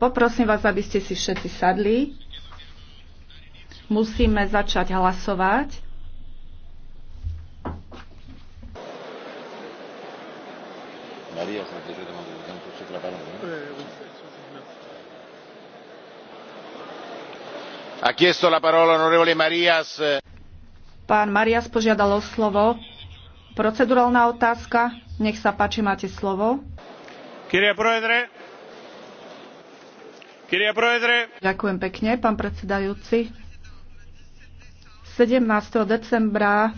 Poprosím vás, aby ste si všetci sadli. Musíme začať hlasovať. No? Pán Marias požiadal o slovo. Procedurálna otázka. Nech sa páči, máte slovo. Ďakujem pekne, pán predsedajúci. 17. decembra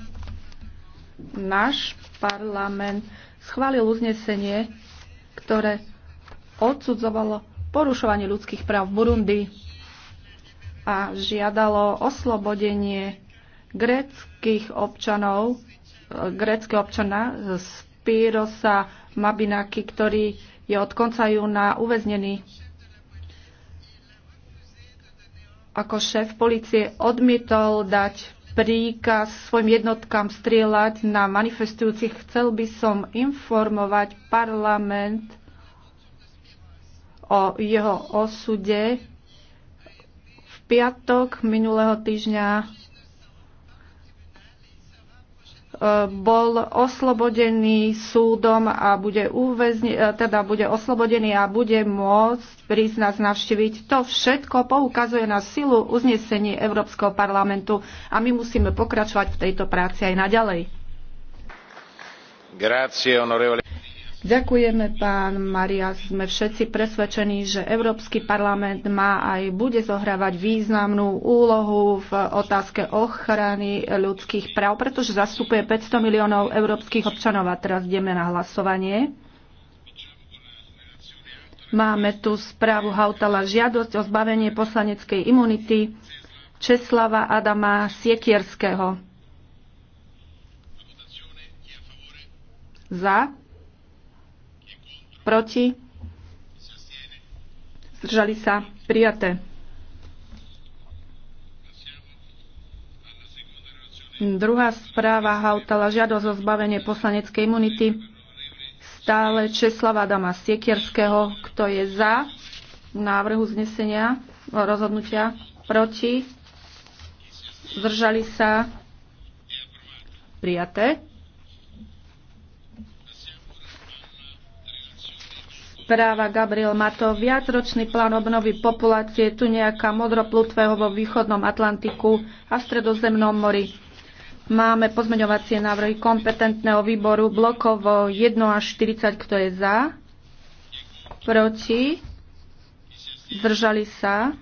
náš parlament schválil uznesenie, ktoré odsudzovalo porušovanie ľudských práv v Burundi a žiadalo oslobodenie greckých občanov, greckého občana z Spirosa Mabinaki, ktorý je od konca júna uväznený. Ako šéf policie odmietol dať príkaz svojim jednotkám strieľať na manifestujúcich. Chcel by som informovať parlament o jeho osude. V piatok minulého týždňa bol oslobodený súdom a bude, uväzni, e, teda bude oslobodený a bude môcť prísť nás navštíviť. To všetko poukazuje na silu uznesení Európskeho parlamentu a my musíme pokračovať v tejto práci aj naďalej. Ďakujeme, pán Maria. Sme všetci presvedčení, že Európsky parlament má aj bude zohrávať významnú úlohu v otázke ochrany ľudských práv, pretože zastupuje 500 miliónov európskych občanov. A teraz ideme na hlasovanie. Máme tu správu Hautala žiadosť o zbavenie poslaneckej imunity Česlava Adama Siekierského. Za. Proti? Zdržali sa? Prijaté. Druhá správa Hautala žiadosť o zbavenie poslaneckej imunity stále Česlava Adama Siekierského. Kto je za návrhu znesenia rozhodnutia? Proti? Zdržali sa? Prijaté. práva Gabriel Mato. Viacročný plán obnovy populácie tu nejaká modroplutvého vo východnom Atlantiku a v stredozemnom mori. Máme pozmeňovacie návrhy kompetentného výboru blokovo 1 až 40, kto je za, proti, zdržali sa,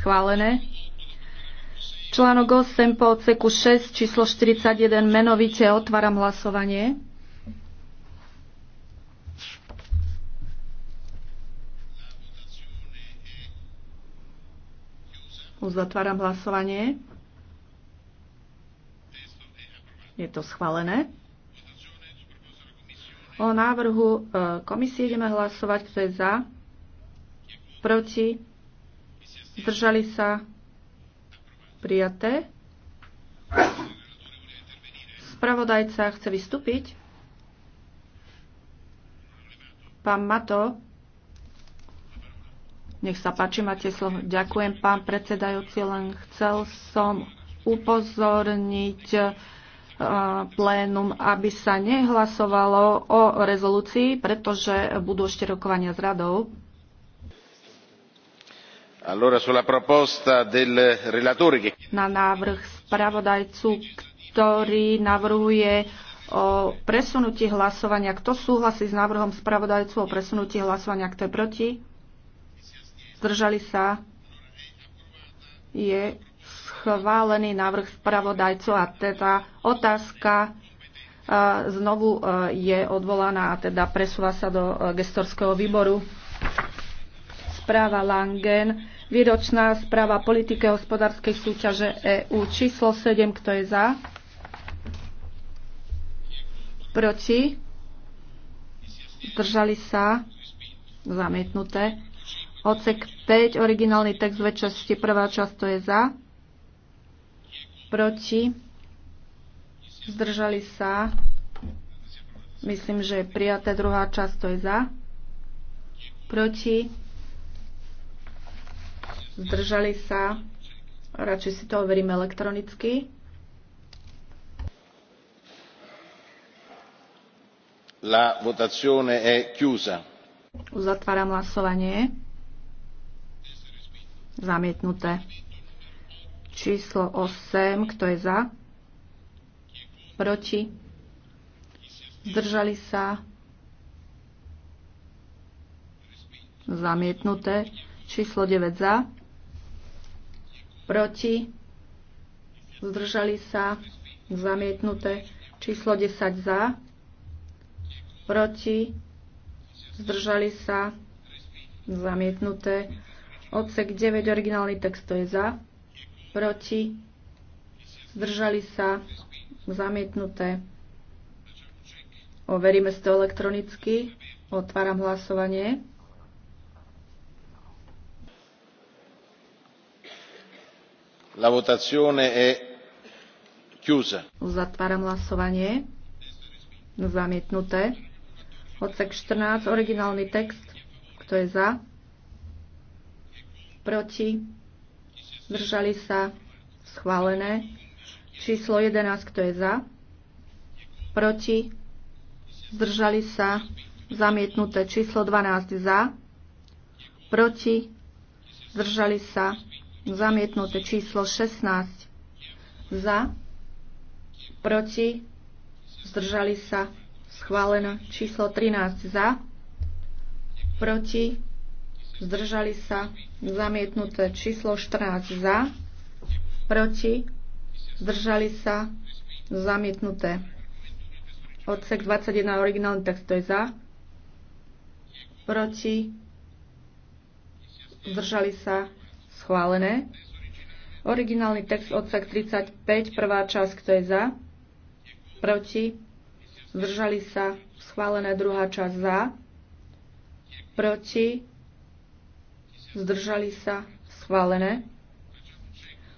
schválené. Článok 8 po odseku 6 číslo 41 menovite otváram hlasovanie. Uzatváram hlasovanie. Je to schválené. O návrhu e, komisie ideme hlasovať. Kto je za? Proti? Zdržali sa? Prijaté? Spravodajca chce vystúpiť? Pán Mato, nech sa páči, máte slovo. Ďakujem, pán predsedajúci, len chcel som upozorniť eh, plénum, aby sa nehlasovalo o rezolúcii, pretože budú ešte rokovania s radou. Na návrh spravodajcu, ktorý navrhuje o presunutí hlasovania. Kto súhlasí s návrhom spravodajcu o presunutí hlasovania? Kto je proti? zdržali sa, je schválený návrh spravodajcu a teda otázka e, znovu e, je odvolaná a teda presúva sa do e, gestorského výboru. Správa Langen, výročná správa politike hospodárskej súťaže EU. číslo 7, kto je za? Proti? Zdržali sa? Zamietnuté. Ocek 5, originálny text dve časti, prvá časť to je za, proti, zdržali sa, myslím, že je prijaté, druhá časť to je za, proti, zdržali sa, radšej si to overíme elektronicky. La votazione è chiusa. Uzatváram hlasovanie. Zamietnuté. Číslo 8. Kto je za? Proti? Zdržali sa? Zamietnuté. Číslo 9 za. Proti? Zdržali sa? Zamietnuté. Číslo 10 za. Proti? Zdržali sa? Zamietnuté Odsek 9, originálny text, to je za, proti, zdržali sa, zamietnuté. Overíme si to elektronicky. Otváram hlasovanie. La votazione è chiusa. Zatváram hlasovanie. Zamietnuté. Odsek 14, originálny text. Kto je za? proti, zdržali sa, schválené. Číslo 11, kto je za, proti, zdržali sa, zamietnuté. Číslo 12 za, proti, zdržali sa, zamietnuté. Číslo 16 za, proti, zdržali sa, schválené. Číslo 13 za, proti, zdržali sa, zamietnuté číslo 14 za, proti, zdržali sa, zamietnuté. Odsek 21, originálny text, to je za, proti, zdržali sa, schválené. Originálny text odsek 35, prvá časť, kto je za, proti, zdržali sa, schválené druhá časť za, proti, zdržali sa, schválené.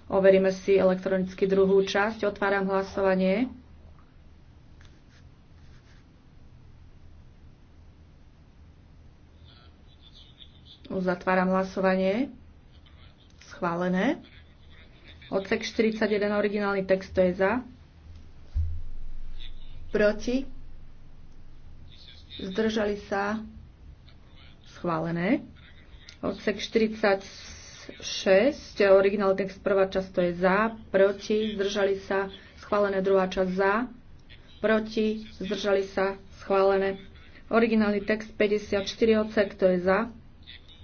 Overíme si elektronicky druhú časť. Otváram hlasovanie. Uzatváram hlasovanie. Schválené. Odsek 41, originálny text, to je za. Proti. Zdržali sa. Schválené. Odsek 46, originál text prvá časť to je za, proti, zdržali sa, schválené druhá časť za, proti, zdržali sa, schválené. Originálny text 54 odsek to je za,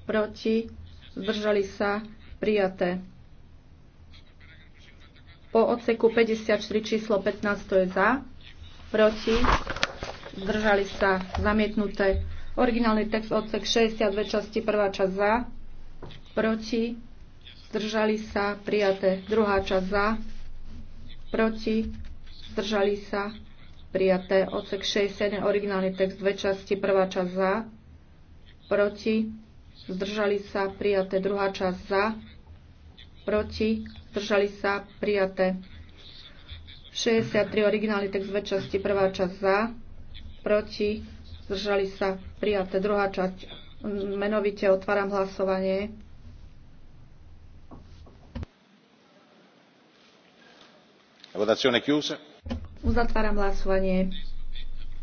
proti, zdržali sa, prijaté. Po odseku 54 číslo 15 to je za, proti, zdržali sa, zamietnuté. Originálny text odsek 62 časti, prvá časť za, proti, zdržali sa, prijaté. Druhá časť za, proti, zdržali sa, prijaté. Odsek 67, originálny text, dve časti, prvá časť za, proti, zdržali sa, prijaté. Druhá časť za, proti, zdržali sa, prijaté. 63, originálny text, dve časti, prvá časť za, proti, zdržali sa, prijaté. Druhá časť, menovite otváram hlasovanie. Votazione chiusa. Uzatváram hlasovanie.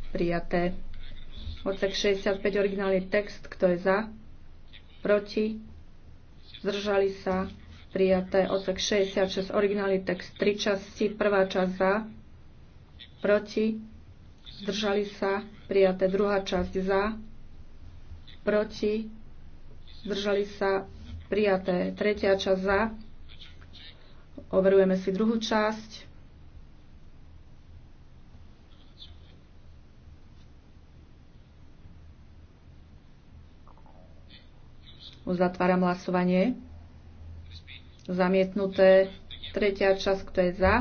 Prijaté. Odsek 65, originálny text, kto je za? Proti? Zdržali sa? Prijaté. Odsek 66, originálny text, tri časti, prvá časť za? Proti? Zdržali sa? prijaté druhá časť za, proti, zdržali sa, prijaté tretia časť za, overujeme si druhú časť, Uzatváram hlasovanie. Zamietnuté. Tretia časť, kto je za?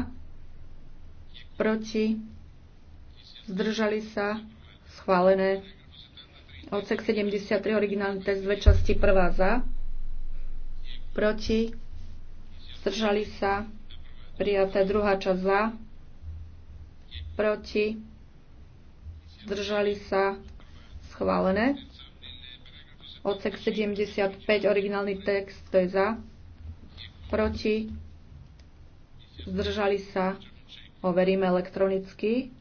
Proti? Zdržali sa? schválené. Odsek 73, originálny text, dve časti, prvá za, proti, zdržali sa, prijaté druhá časť za, proti, zdržali sa, schválené. Odsek 75, originálny text, to je za, proti, zdržali sa, overíme elektronicky.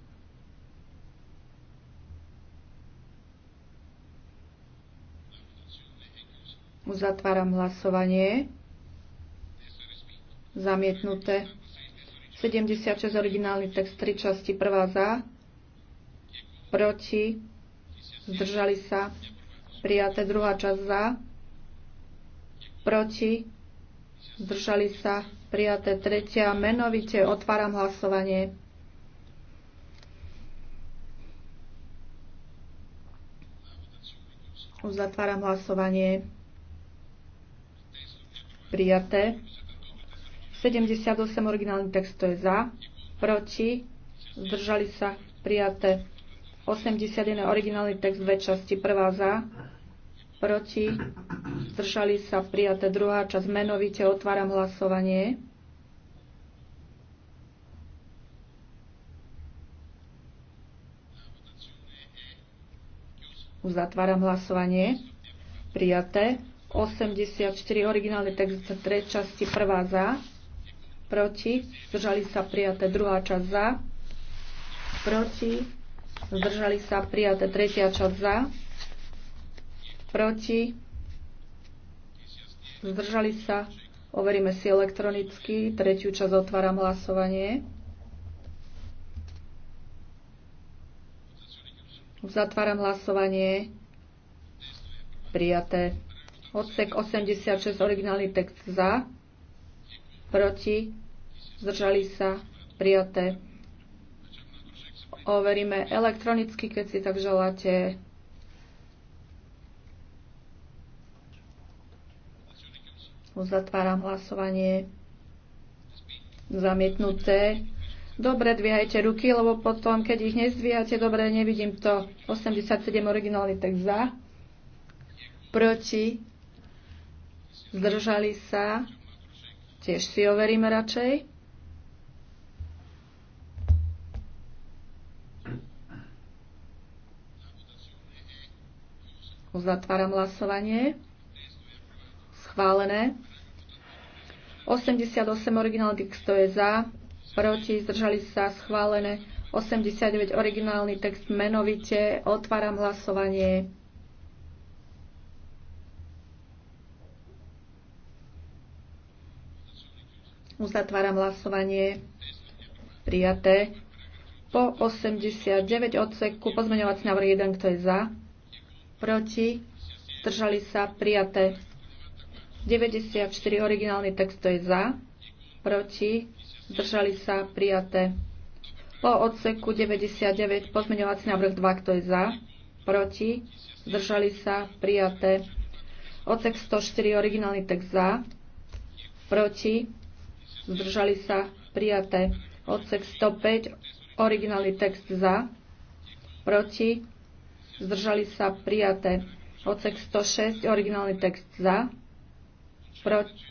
Uzatváram hlasovanie. Zamietnuté. 76 originálny text, 3 časti, prvá za, proti, zdržali sa, prijaté druhá časť za, proti, zdržali sa, prijaté tretia, menovite otváram hlasovanie. Uzatváram hlasovanie. Prijaté. 78 originálny text, to je za. Proti. Zdržali sa. Prijaté. 81 originálny text, dve časti. Prvá za. Proti. Zdržali sa. Prijaté. Druhá časť. Menovite otváram hlasovanie. Uzatváram hlasovanie. Prijaté. 84, originálny text, tre časti, prvá za, proti, zdržali sa prijaté, druhá časť za, proti, zdržali sa prijaté, tretia časť za, proti, zdržali sa, overíme si elektronicky, tretiu časť otváram hlasovanie. Zatváram hlasovanie. Prijaté. Odsek 86, originálny text za, proti, zdržali sa, prijaté. Overíme elektronicky, keď si tak želáte. Uzatváram hlasovanie. Zamietnuté. Dobre, dvíhajte ruky, lebo potom, keď ich nezdvíhate, dobre, nevidím to. 87 originálny text za. Proti Zdržali sa? Tiež si overíme radšej. Uzatváram hlasovanie. Schválené. 88 originál text, je za. Proti, zdržali sa, schválené. 89 originálny text menovite. Otváram hlasovanie. Uzatváram hlasovanie. Prijaté. Po 89 odseku pozmeňovací návrh 1, kto je za, proti, držali sa, prijaté. 94 originálny text, kto je za, proti, držali sa, prijaté. Po odseku 99 pozmeňovací návrh 2, kto je za, proti, zdržali sa, prijaté. Odsek 104 originálny text za, proti, zdržali sa, prijaté. Odsek 105, originálny text za, proti, zdržali sa, prijaté. Odsek 106, originálny text za, proti.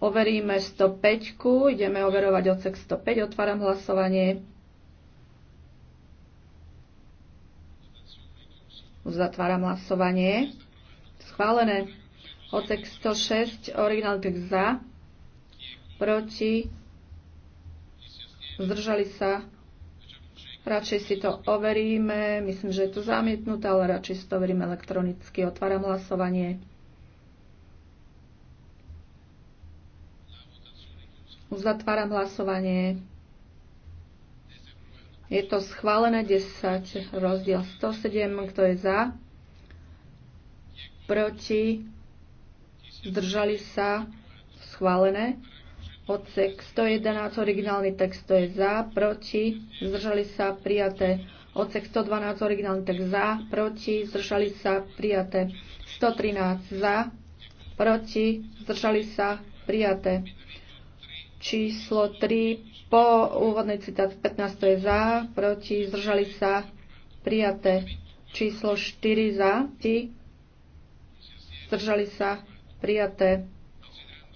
Overíme 105, ideme overovať odsek 105, otváram hlasovanie. Uzatváram hlasovanie. Schválené. Odsek 106, originál text za, proti, zdržali sa. Radšej si to overíme. Myslím, že je to zamietnuté, ale radšej si to overíme elektronicky. Otváram hlasovanie. Uzatváram hlasovanie. Je to schválené 10, rozdiel 107, kto je za, proti, zdržali sa, schválené. Odsek 111, originálny text, to je za, proti, zdržali sa, prijaté. Odsek 112, originálny text, za, proti, zdržali sa, prijaté. 113, za, proti, zdržali sa, prijaté. Číslo 3, po úvodnej citácii 15, to je za, proti, zdržali sa, prijaté. Číslo 4, za, proti, zdržali sa, prijaté.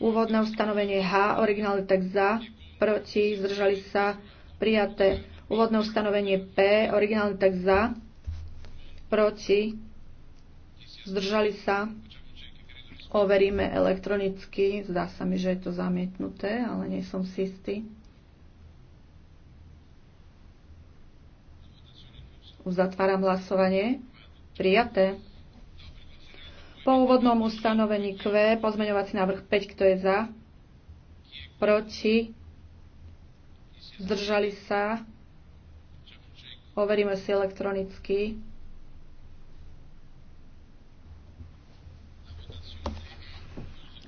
Úvodné ustanovenie H, originálny text za, proti, zdržali sa, prijaté. Úvodné ustanovenie P, originálny text za, proti, zdržali sa. Overíme elektronicky. Zdá sa mi, že je to zamietnuté, ale nie som si istý. Uzatváram hlasovanie. Prijaté. Po úvodnom ustanovení Q, pozmeňovací návrh 5, kto je za? Proti? Zdržali sa? Overíme si elektronicky.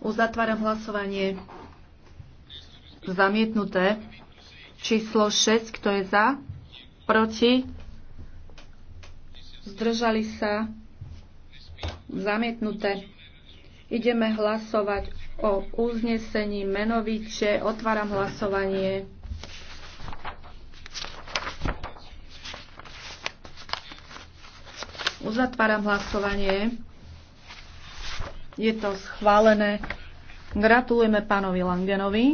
Uzatváram hlasovanie. Zamietnuté. Číslo 6, kto je za? Proti? Zdržali sa? Zamietnuté. Ideme hlasovať o uznesení menovite. Otváram hlasovanie. Uzatváram hlasovanie. Je to schválené. Gratulujeme pánovi Langenovi.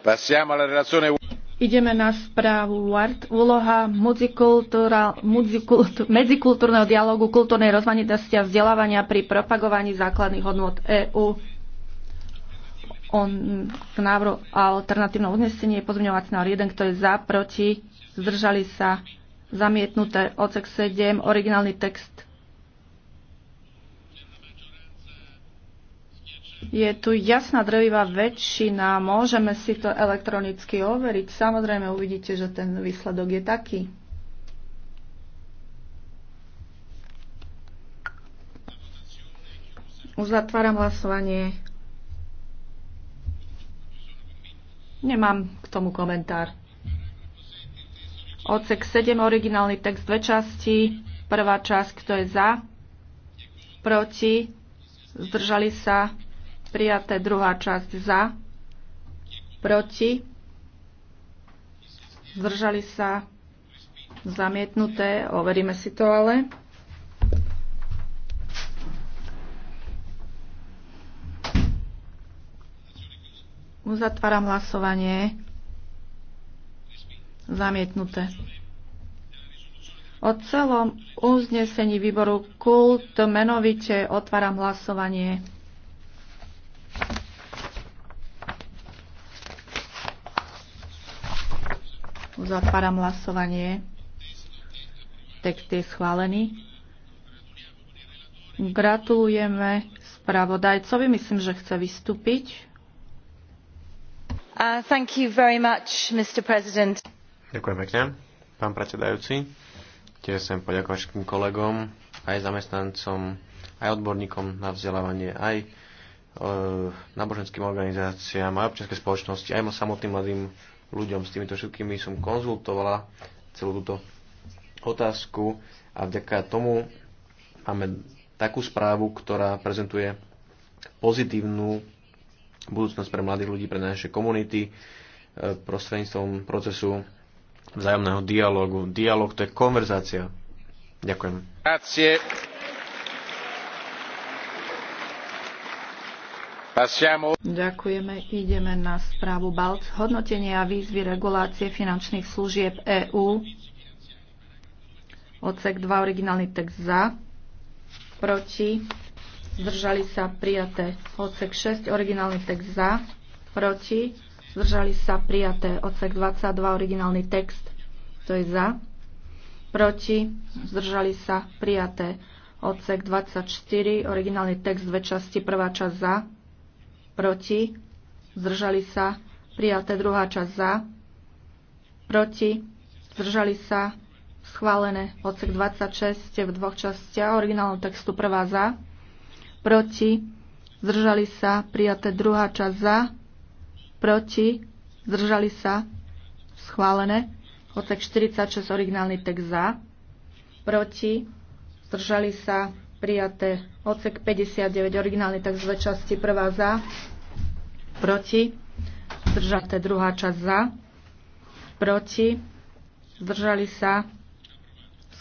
Passiamo alla relazione Ideme na správu WART. Úloha medzikultúrneho dialogu, kultúrnej rozmanitosti a vzdelávania pri propagovaní základných hodnot EÚ. On k návru alternatívnom uznesenie je pozmeňovací návrh 1, kto je za, proti, zdržali sa, zamietnuté odsek 7, originálny text Je tu jasná drvivá väčšina, môžeme si to elektronicky overiť. Samozrejme uvidíte, že ten výsledok je taký. Uzatváram hlasovanie. Nemám k tomu komentár. Odsek 7, originálny text, dve časti. Prvá časť, kto je za, proti, zdržali sa, Prijaté druhá časť za, proti, zdržali sa, zamietnuté, overíme si to ale. Uzatváram hlasovanie. Zamietnuté. O celom uznesení výboru KULT menovite otváram hlasovanie. Uzatváram hlasovanie. Text je schválený. Gratulujeme spravodajcovi. Myslím, že chce vystúpiť. Uh, thank you very much, Mr. President. Ďakujem pekne, pán predsedajúci. Tiež sem poďakovať všetkým kolegom, aj zamestnancom, aj odborníkom na vzdelávanie, aj e, náboženským organizáciám, aj občianskej spoločnosti, aj samotným mladým ľuďom. S týmito všetkými som konzultovala celú túto otázku a vďaka tomu máme takú správu, ktorá prezentuje pozitívnu budúcnosť pre mladých ľudí, pre naše komunity e, prostredníctvom procesu vzájomného dialogu. Dialóg to je konverzácia. Ďakujem. Grazie. Ďakujeme. Ideme na správu BALC. Hodnotenie a výzvy regulácie finančných služieb EÚ. Odsek 2, originálny text za. Proti. Zdržali sa prijaté. Odsek 6, originálny text za. Proti. Zdržali sa prijaté. Odsek 22, originálny text. To je za. Proti. Zdržali sa prijaté. Odsek 24, originálny text, dve časti, prvá časť za proti, zdržali sa, prijaté druhá časť za, proti, zdržali sa, schválené odsek 26 v dvoch častiach originálnom textu prvá za, proti, zdržali sa, prijaté druhá časť za, proti, zdržali sa, schválené, odsek 46 originálny text za, proti, zdržali sa, prijaté Odsek 59, originálny tak dve časti, prvá za, proti, zdržaté druhá časť za, proti, zdržali sa,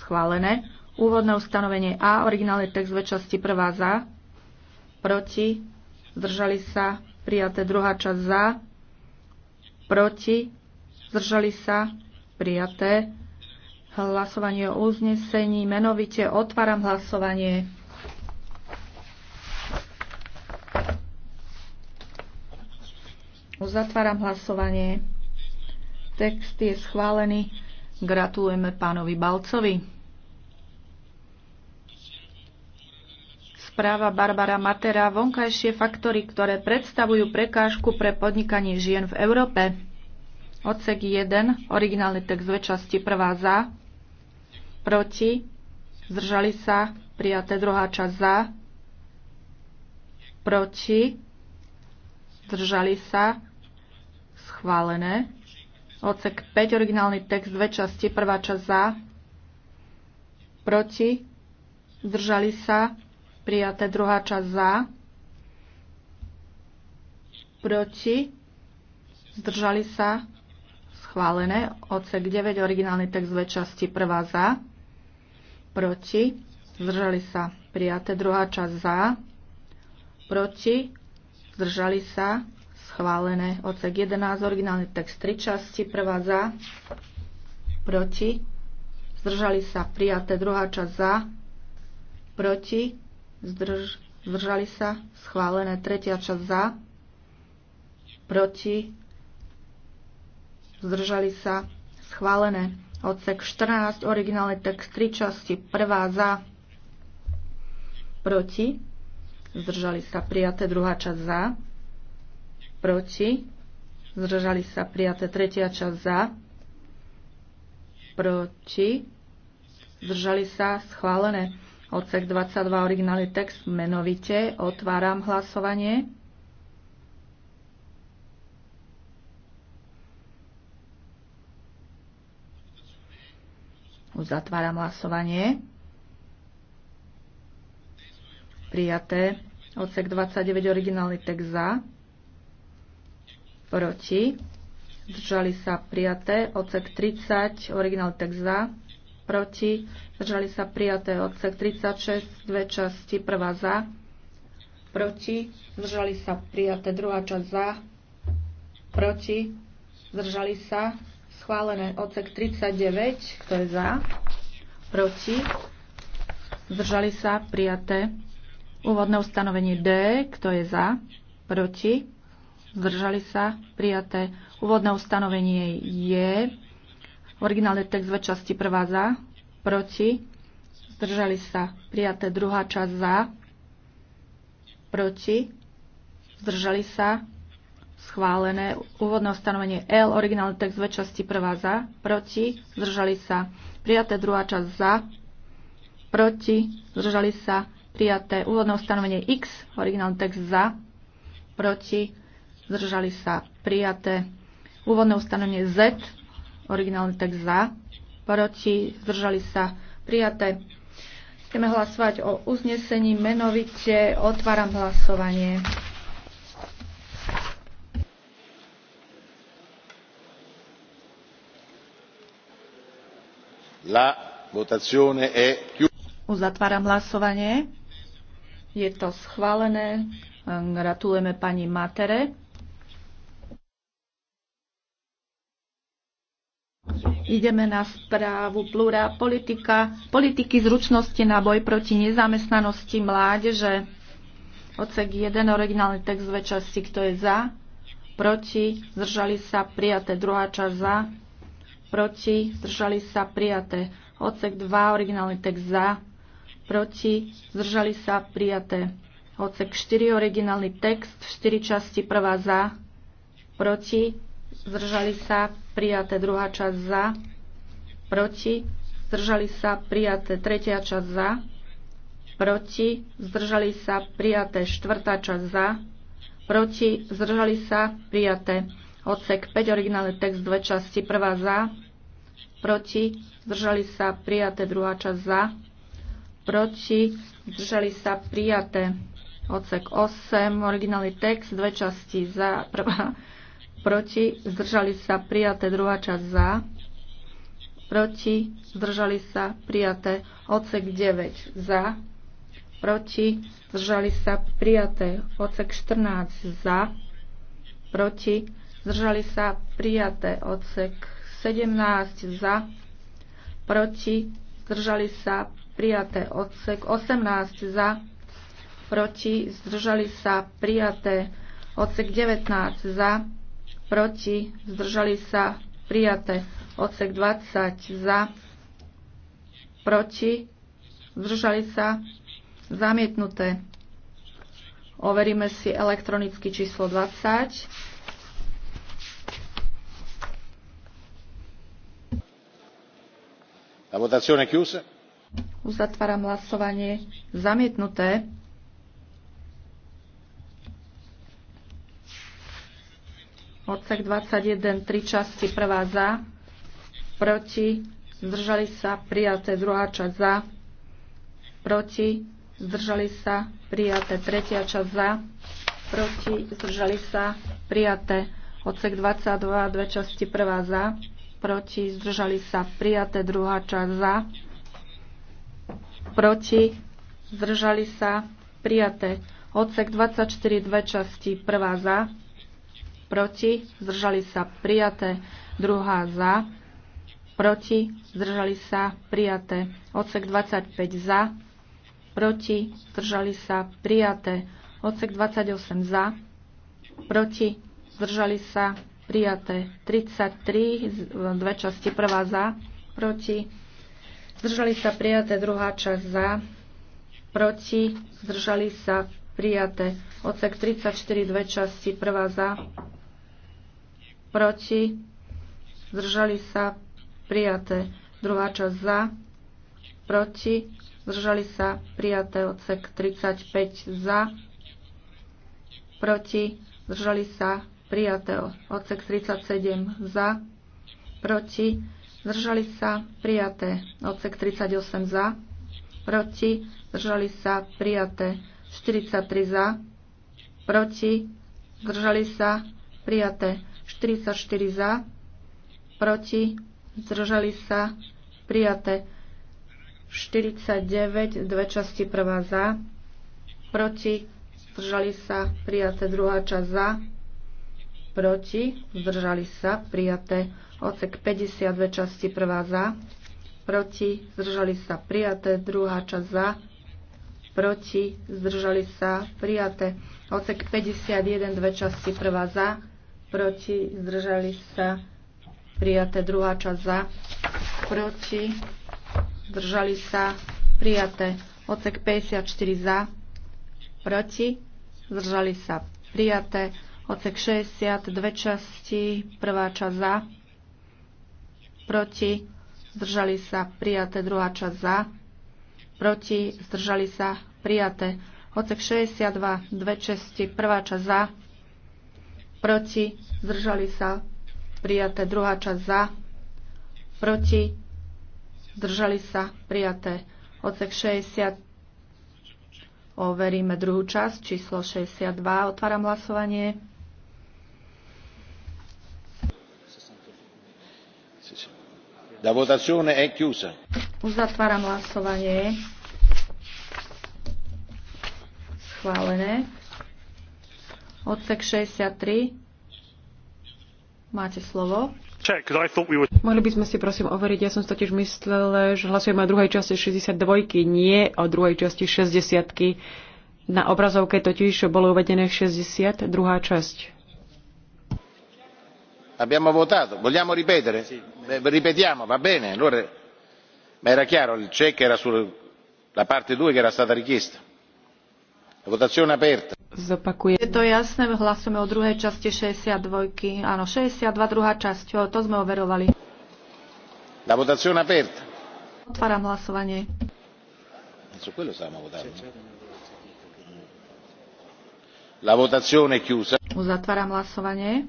schválené. Úvodné ustanovenie A, originálny text dve časti, prvá za, proti, zdržali sa, prijaté druhá časť za, proti, zdržali sa, prijaté. Hlasovanie o uznesení, menovite otváram hlasovanie. Uzatváram hlasovanie. Text je schválený. Gratulujeme pánovi Balcovi. Správa Barbara Matera vonkajšie faktory, ktoré predstavujú prekážku pre podnikanie žien v Európe. Odsek 1, originálny text dve časti, prvá za, proti, zdržali sa, prijaté druhá časť za, proti, zdržali sa, schválené. Odsek 5, originálny text, dve časti. Prvá časť za, proti, zdržali sa, prijaté. Druhá časť za, proti, zdržali sa, schválené. Odsek 9, originálny text, dve časti. Prvá za, proti, zdržali sa, prijaté. Druhá časť za, proti, zdržali sa, schválené. Odsek 11, originálny text 3 časti, prvá za, proti, zdržali sa prijaté, druhá časť za, proti, zdrž, zdržali sa, schválené, tretia časť za, proti, zdržali sa, schválené. Odsek 14, originálny text 3 časti, prvá za, proti, zdržali sa, prijaté, druhá časť za, proti, zdržali sa prijaté. Tretia časť za, proti, zdržali sa schválené. Odsek 22, originálny text, menovite, otváram hlasovanie. Uzatváram hlasovanie. Prijaté. Odsek 29, originálny text za proti, zdržali sa prijaté, odsek 30, originál text za, proti, zdržali sa prijaté, odsek 36, dve časti, prvá za, proti, zdržali sa prijaté, druhá časť za, proti, zdržali sa, schválené odsek 39, kto je za, proti, zdržali sa, prijaté, úvodné ustanovenie D, kto je za, proti, zdržali sa, prijaté. Úvodné ustanovenie je originálny text dve časti prvá za, proti, zdržali sa, prijaté druhá časť za, proti, zdržali sa, schválené. Úvodné ustanovenie L, originálny text dve časti prvá za, proti, zdržali sa, prijaté druhá časť za, proti, zdržali sa, prijaté úvodné ustanovenie X, originálny text za, proti, zdržali sa prijaté. Úvodné ustanovenie Z, originálny text za, proti, zdržali sa prijaté. Chceme hlasovať o uznesení menovite. Otváram hlasovanie. La votazione è più... Uzatváram hlasovanie. Je to schválené. Gratulujeme pani Matere. Ideme na správu Plura politika, politiky zručnosti na boj proti nezamestnanosti mládeže. Ocek 1, originálny text dve časti, kto je za, proti, zdržali sa, prijaté. Druhá časť za, proti, zdržali sa, prijaté. Odsek 2, originálny text za, proti, zdržali sa, prijaté. Ocek 4, originálny text, 4 časti, prvá za, proti, zdržali sa, prijaté, druhá časť za, proti, zdržali sa, prijaté, tretia časť za, proti, zdržali sa, prijaté, štvrtá časť za, proti, zdržali sa, prijaté. Odsek 5, originálny text, dve časti, prvá za, proti, zdržali sa, prijaté, druhá časť za, proti, zdržali sa, prijaté. Odsek 8, originálny text, dve časti za, prvá, proti, zdržali sa prijaté, druhá časť za, proti, zdržali sa prijaté, odsek 9 za, proti, zdržali sa prijaté, odsek 14 za, proti, zdržali sa prijaté, odsek 17 za, proti, zdržali sa prijaté, odsek 18 za, proti, zdržali sa prijaté, odsek 19 za, proti, zdržali sa, prijaté. Odsek 20 za, proti, zdržali sa, zamietnuté. Overíme si elektronicky číslo 20. Uzatváram hlasovanie. Zamietnuté. Odsek 21, tri časti, prvá za, proti, zdržali sa, prijaté, druhá časť za, proti, zdržali sa, prijaté, tretia časť za, proti, zdržali sa, prijaté, odsek 22, dve časti, prvá za, proti, zdržali sa, prijaté, druhá časť za, proti, zdržali sa, prijaté, odsek 24, dve časti, prvá za, proti, zdržali sa prijaté, druhá za, proti, zdržali sa prijaté, odsek 25 za, proti, zdržali sa prijaté, odsek 28 za, proti, zdržali sa prijaté, 33, dve časti, prvá za, proti, zdržali sa prijaté, druhá časť za, proti, zdržali sa prijaté. Odsek 34, dve časti, prvá za, proti, zdržali sa, prijaté. Druhá časť za, proti, zdržali sa, prijaté. Odsek 35 za, proti, zdržali sa, prijaté. Odsek 37 za, proti, zdržali sa, prijaté. Odsek 38 za, proti, zdržali sa, prijaté. 43 za, proti, zdržali sa, prijaté. 44 za, proti, zdržali sa, prijaté. 49, dve časti prvá za, proti, zdržali sa, prijaté druhá časť za, proti, zdržali sa, prijaté ocek 52 časti prvá za, proti, zdržali sa, prijaté druhá časť za, proti, zdržali sa, prijaté ocek 51 dve časti prvá za, proti, zdržali sa, prijaté. Druhá časť za, proti, zdržali sa, prijaté. Odsek 54 za, proti, zdržali sa, prijaté. Odsek 60, dve časti, prvá časť za, proti, zdržali sa, prijaté. Druhá časť za, proti, zdržali sa, prijaté. Odsek 62, dve časti, prvá časť za, proti, zdržali sa, prijaté. Druhá časť za, proti, zdržali sa, prijaté. Odsek 60, overíme druhú časť, číslo 62, otváram hlasovanie. La votazione è chiusa. Uzatváram hlasovanie. Schválené. Odsek 63. Máte slovo. Check, we were... Mohli by sme si prosím overiť, ja som si totiž myslel, že hlasujeme o druhej časti 62, nie o druhej časti 60. -ky. Na obrazovke totiž bolo uvedené 60, druhá časť. Abbiamo votato, vogliamo ripetere? Sì. Ripetiamo, va bene, allora ma era chiaro, il check era sulla parte 2 che era stata richiesta. La votazione aperta zopakuje. Je to jasné, hlasujeme o druhej časti 62. Áno, 62, druhá časť, to sme overovali. La votazione aperta. Otváram hlasovanie. Su quello stavamo votando. La votazione è chiusa. Uzatváram hlasovanie.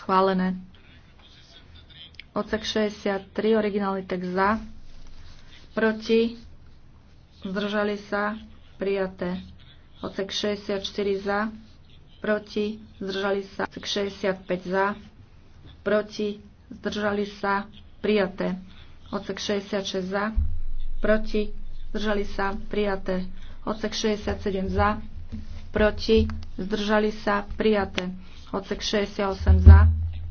Schválené. Odsek 63, originálny text za. Proti. Zdržali sa. Prijaté. Odsek 64 za, proti, zdržali sa. Odsek 65 za, proti, zdržali sa, prijaté. Odsek 66 za, proti, zdržali sa, prijaté. Odsek 67 za, proti, zdržali sa, prijaté. Odsek 68 za,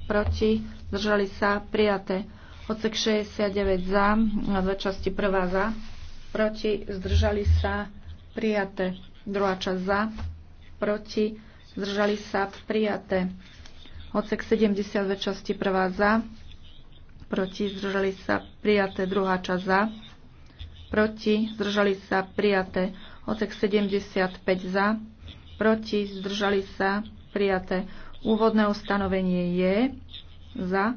proti, zdržali sa, prijaté. Odsek 69 za, na dve časti prvá za, proti, zdržali sa, prijaté. Druhá časť za, proti, zdržali sa, prijaté. Odsek 70 časti, prvá za, proti, zdržali sa, prijaté. Druhá časť za, proti, zdržali sa, prijaté. Odsek 75 za, proti, zdržali sa, prijaté. Úvodné ustanovenie je za,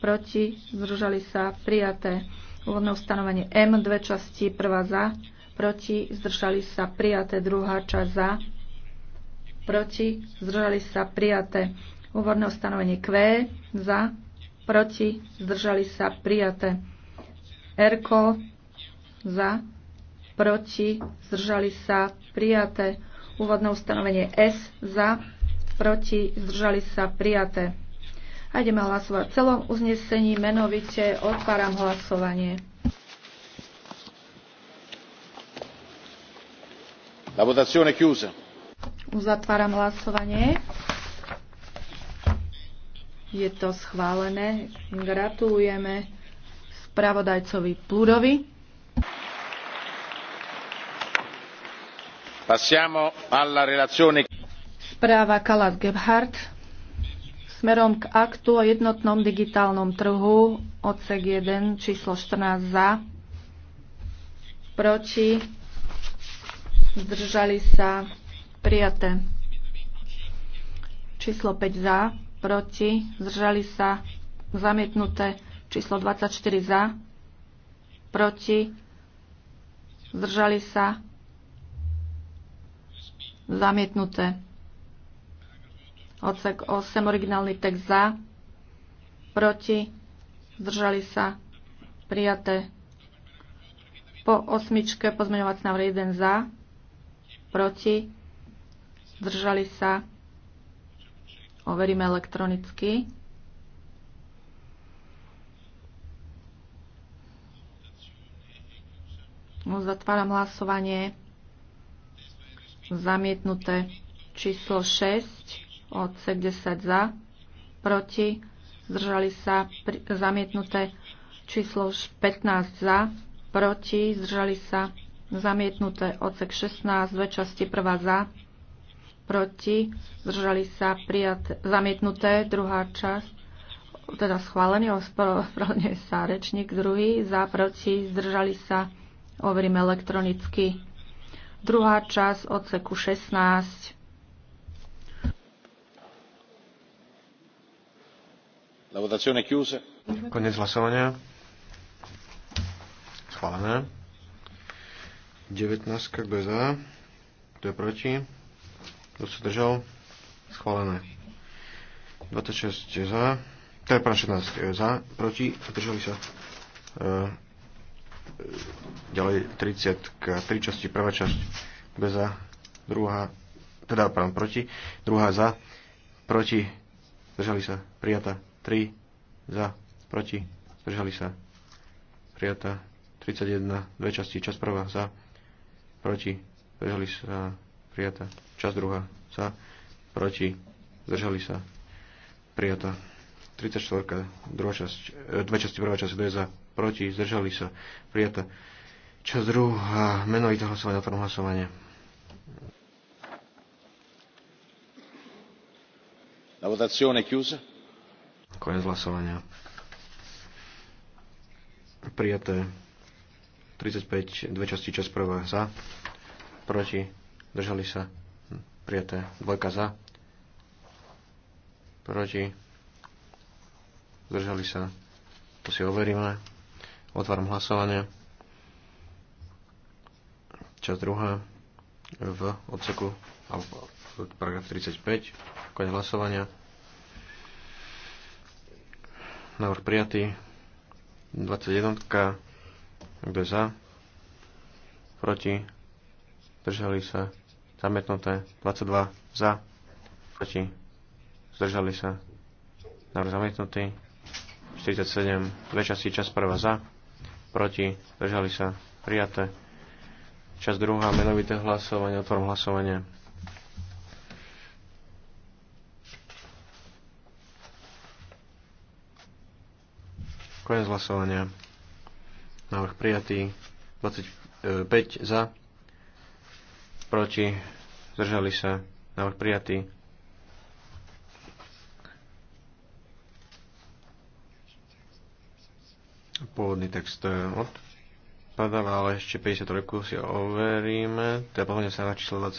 proti, zdržali sa, prijaté. Úvodné ustanovenie M, dve časti, prvá za, proti, zdržali sa prijaté. Druhá časť za, proti, zdržali sa prijaté. Úvodné ustanovenie Q, za, proti, zdržali sa prijaté. Rko za, proti, zdržali sa prijaté. Úvodné ustanovenie S, za, proti, zdržali sa prijaté. A ideme hlasovať celom uznesení, menovite otváram hlasovanie. la votazione è chiusa uzatváram hlasovanie je to schválené gratulujeme spravodajcovi Plurovi passiamo alla relazione správa Kalat Gebhardt smerom k aktu o jednotnom digitálnom trhu odsek 1 číslo 14 za proti zdržali sa, prijaté. Číslo 5 za, proti, zdržali sa, zamietnuté. Číslo 24 za, proti, zdržali sa, zamietnuté. Odsek 8, originálny text za, proti, zdržali sa, prijaté. Po osmičke pozmeňovací návrh 1 za, proti, zdržali sa, overíme elektronicky. zatváram hlasovanie. Zamietnuté číslo 6, od 70 za, proti, zdržali sa, zamietnuté číslo 15 za, proti, zdržali sa, Zamietnuté odsek 16, dve časti, prvá za, proti, zdržali sa prijat, zamietnuté, druhá časť, teda schválený, ospravedlňuje sa rečník, druhý, za, proti, zdržali sa, overím elektronicky. Druhá časť odseku 16. La votazione chiusa. Konec hlasovania. Schválené. 19, kto je za, kto je proti, kto sa držal, schválené. 26 je za, teda 16 je za, proti, držali sa. E, e ďalej 30 k 3 časti, prvá časť, bez je za, druhá, teda pardon, proti, druhá za, proti, držali sa, prijata, 3 za, proti, držali sa, prijata, 31, dve časti, čas prvá za, proti, zdržali sa, prijatá. Časť druhá, sa proti, zdržali sa, prijatá. 34. Druhá časť, e, dve časti, prvá časť, kto je za, proti, zdržali sa, prijatá. Časť druhá, menovité hlasovanie, otvorom hlasovanie. La votazione chiusa. Koniec hlasovania. Prijaté. 35, dve časti, čas prvá za, proti, držali sa, hm, prijaté, dvojka za, proti, držali sa, to si overíme, otváram hlasovanie, čas druhá, v odseku, alebo paragraf 35, konec hlasovania, návrh prijatý, 21 kto za? Proti? Zdržali sa? zametnuté, 22. Za? Proti? Zdržali sa? Návrh zametnutý? 47. Dve časti. Čas prvá za? Proti? Zdržali sa? Prijaté. Čas druhá. Menovité hlasovanie. Otvorom hlasovanie. Konec hlasovania. Návrh prijatý. 25 e, za. Proti. Zdržali sa. Návrh prijatý. Pôvodný text e, od ale ešte 53 si overíme. Teda pohľadne sa na číslo 25.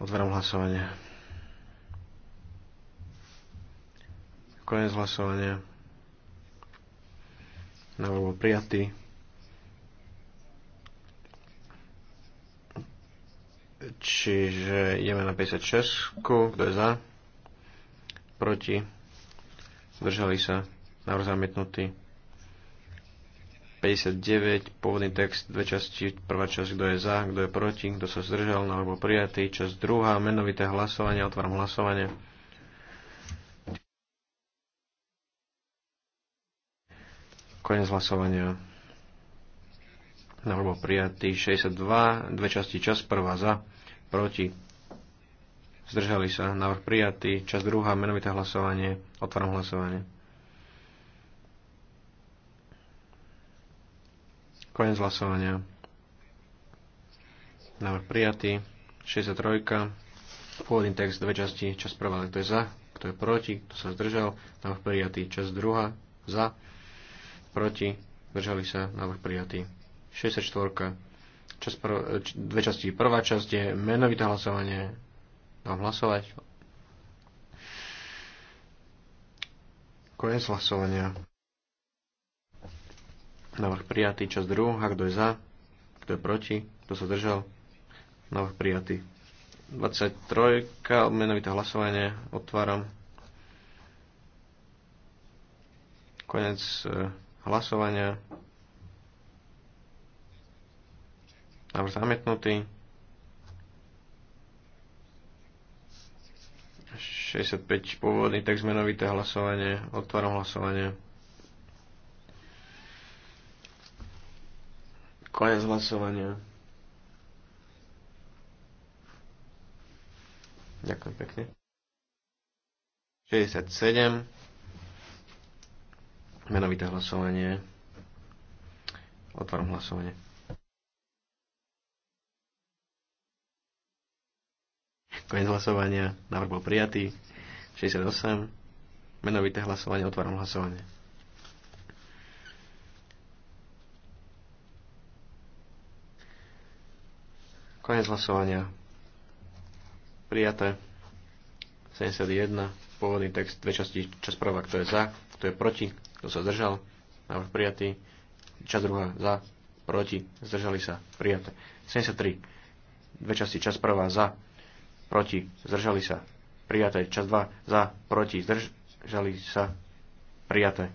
Otváram hlasovanie. Konec hlasovania. Návrh bol prijatý. Čiže ideme na 56. Kto je za? Proti? Zdržali sa? Návrh zamietnutý. 59, pôvodný text, dve časti, prvá časť, kto je za, kto je proti, kto sa zdržal, bol prijatý, časť druhá, menovité hlasovanie, otváram hlasovanie. Konec hlasovania. Návrh bol prijatý 62, dve časti čas, prvá za, proti. Zdržali sa. Návrh prijatý, čas druhá, menovité hlasovanie. Otváram hlasovanie. Konec hlasovania. Návrh prijatý. 63. Pôvodný text, dve časti. Čas prvá, kto je za, kto je proti, kto sa zdržal. Návrh prijatý. Čas druhá, za, proti, držali sa, návrh prijatý. 64. Čas prv, dve časti. Prvá časť je menovité hlasovanie. Mám hlasovať. Koniec hlasovania. Návrh prijatý. Čas druhá. Kto je za? Kto je proti? Kto sa držal? Návrh prijatý. 23. Menovité hlasovanie. Otváram. Konec e, hlasovania. Návrh zamietnutý. 65 pôvodný text menovité hlasovanie. Otváram hlasovanie. Konec hlasovania. Ďakujem pekne. 67. Menovité hlasovanie. Otváram hlasovanie. Koniec hlasovania. Návrh bol prijatý. 68. Menovité hlasovanie. Otváram hlasovanie. Koniec hlasovania. Prijaté. 71. Pôvodný text. Dve časti. Čas prvá. Kto je za? Kto je proti? Kto sa zdržal? Návrh prijatý. Čas druhá za, proti, zdržali sa, prijaté. 73. Dve časti, čas prvá za, proti, zdržali sa, prijaté. Čas dva za, proti, zdržali sa, prijaté.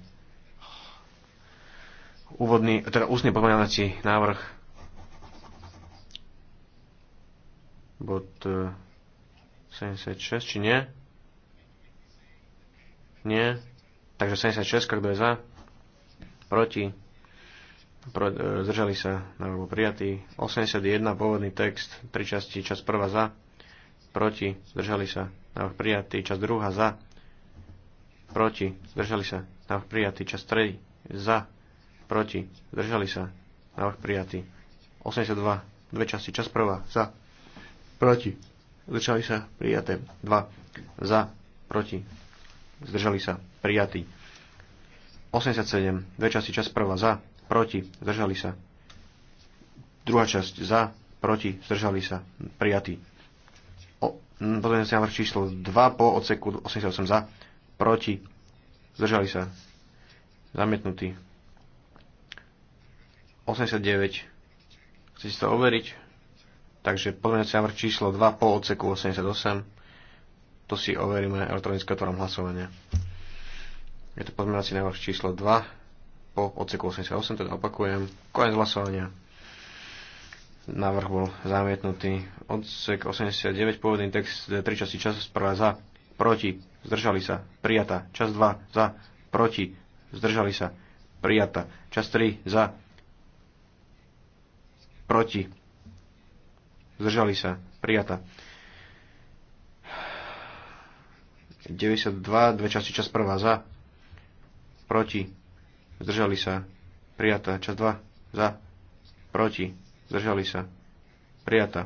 Úvodný, teda ústny pomenávací návrh bod 76, e, či nie? Nie. Takže 76, kto je za? Proti? Pro, e, zdržali sa, návrh bol prijatý. 81, pôvodný text, tri časti, čas prvá za, proti, zdržali sa, návrh prijatý, čas druhá za, proti, zdržali sa, návrh prijatý, čas 3 za, proti, zdržali sa, návrh prijatý. 82, dve časti, čas prvá, za, proti, zdržali sa, prijaté, 2, za, proti, zdržali sa, prijatý. 87, dve časti, čas prvá, za, proti, zdržali sa. Druhá časť, za, proti, zdržali sa, prijatý. Pozrieme sa návrh číslo 2 po odseku 88 za, proti, zdržali sa, zamietnutý. 89, chcete si to overiť? Takže pozrieme sa návrh číslo 2 po odseku 88, to si overíme elektronické otvorom hlasovania. Je to pozmeňovací návrh číslo 2 po odseku 88, teda opakujem. Koniec hlasovania. Návrh bol zamietnutý. Odsek 89, pôvodný text, 3 e, časti, čas prvá za, proti, zdržali sa, prijata. Čas 2 za, proti, zdržali sa, prijata. Čas 3 za, proti, zdržali sa, prijata. 92, dve časti, čas prvá za, proti, zdržali sa, prijatá, čas 2, za, proti, zdržali sa, prijatá.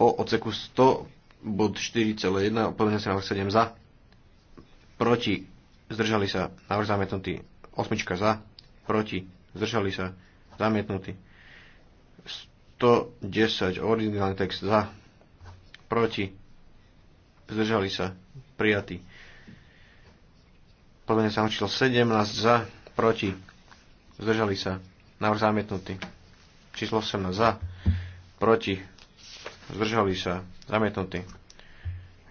Po odseku 100, bod 4,1, sa návrh 7 za, proti, zdržali sa, návrh zamietnutý, osmička za, proti, zdržali sa, zamietnutý. 110, originálny text za, proti, zdržali sa, prijatý. Pozmeňujúci sa číslo 17 za, proti, zdržali sa, návrh zamietnutý. Číslo 18 za, proti, zdržali sa, zamietnutý.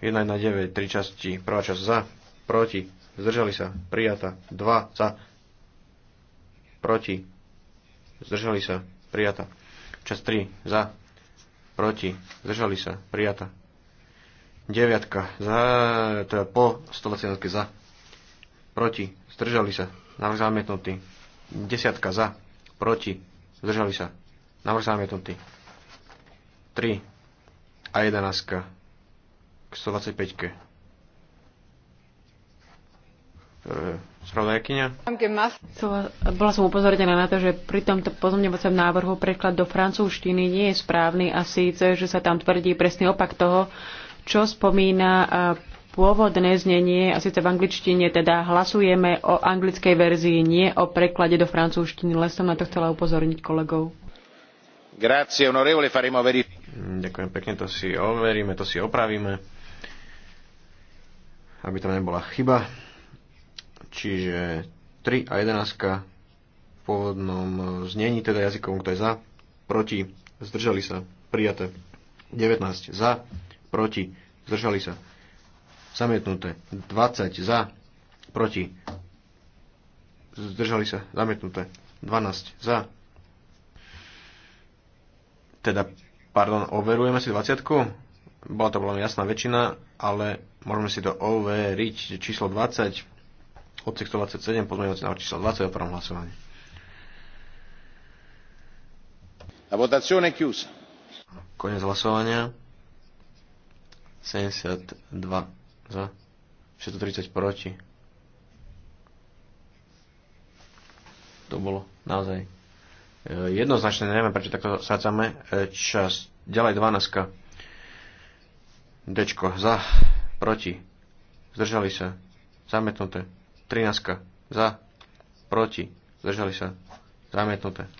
1 na 9, 3 časti, prvá časť za, proti, zdržali sa, prijata, 2 za, proti, zdržali sa, prijata. Čas 3 za, proti, zdržali sa, prijata. Deviatka. Za, teda po 120 za. Proti. Zdržali sa. Návrh zamietnutý. Desiatka za. Proti. Zdržali sa. Návrh zamietnutý. 3 a 11 k 125. -ke. Spravodajkyňa? Bola som upozornená na to, že pri tomto pozmeňovacom návrhu preklad do francúzštiny nie je správny a síce, že sa tam tvrdí presný opak toho, čo spomína e, pôvodné znenie, a síce v angličtine, teda hlasujeme o anglickej verzii, nie o preklade do francúzštiny. Len som na to chcela upozorniť kolegov. Grazie, onorevole, faremo veri... Ďakujem pekne, to si overíme, to si opravíme, aby tam nebola chyba. Čiže 3 a 11 v pôvodnom znení, teda jazykovom, kto je za, proti, zdržali sa, prijaté. 19 za, proti, zdržali sa. Zamietnuté. 20 za, proti, zdržali sa. Zamietnuté. 12 za. Teda, pardon, overujeme si 20 -ku? Bola to veľmi jasná väčšina, ale môžeme si to overiť. Číslo 20, odsek 127, pozmeňovací návrh číslo 20 o prvom hlasovaní. La votazione è chiusa. Konec hlasovania. 72 za, 630 proti. To bolo naozaj e, jednoznačné, neviem prečo takto sádzame. E, čas, ďalej 12. Dečko za, proti, zdržali sa, zametnuté, 13. za, proti, zdržali sa, zametnuté.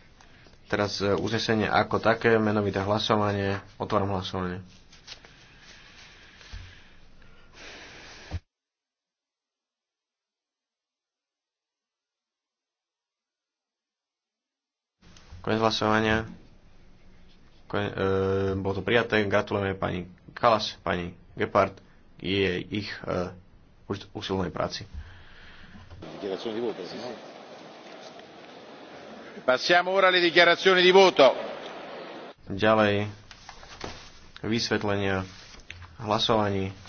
Teraz e, uznesenie ako také, menovité hlasovanie, otváram hlasovanie. Konec hlasovania. Kone, e, bolo to prijaté. Gratulujeme pani Kalas, pani Gepard, je ich e, usilnej práci. Passiamo ora alle dichiarazioni di voto. Ďalej vysvetlenia hlasovaní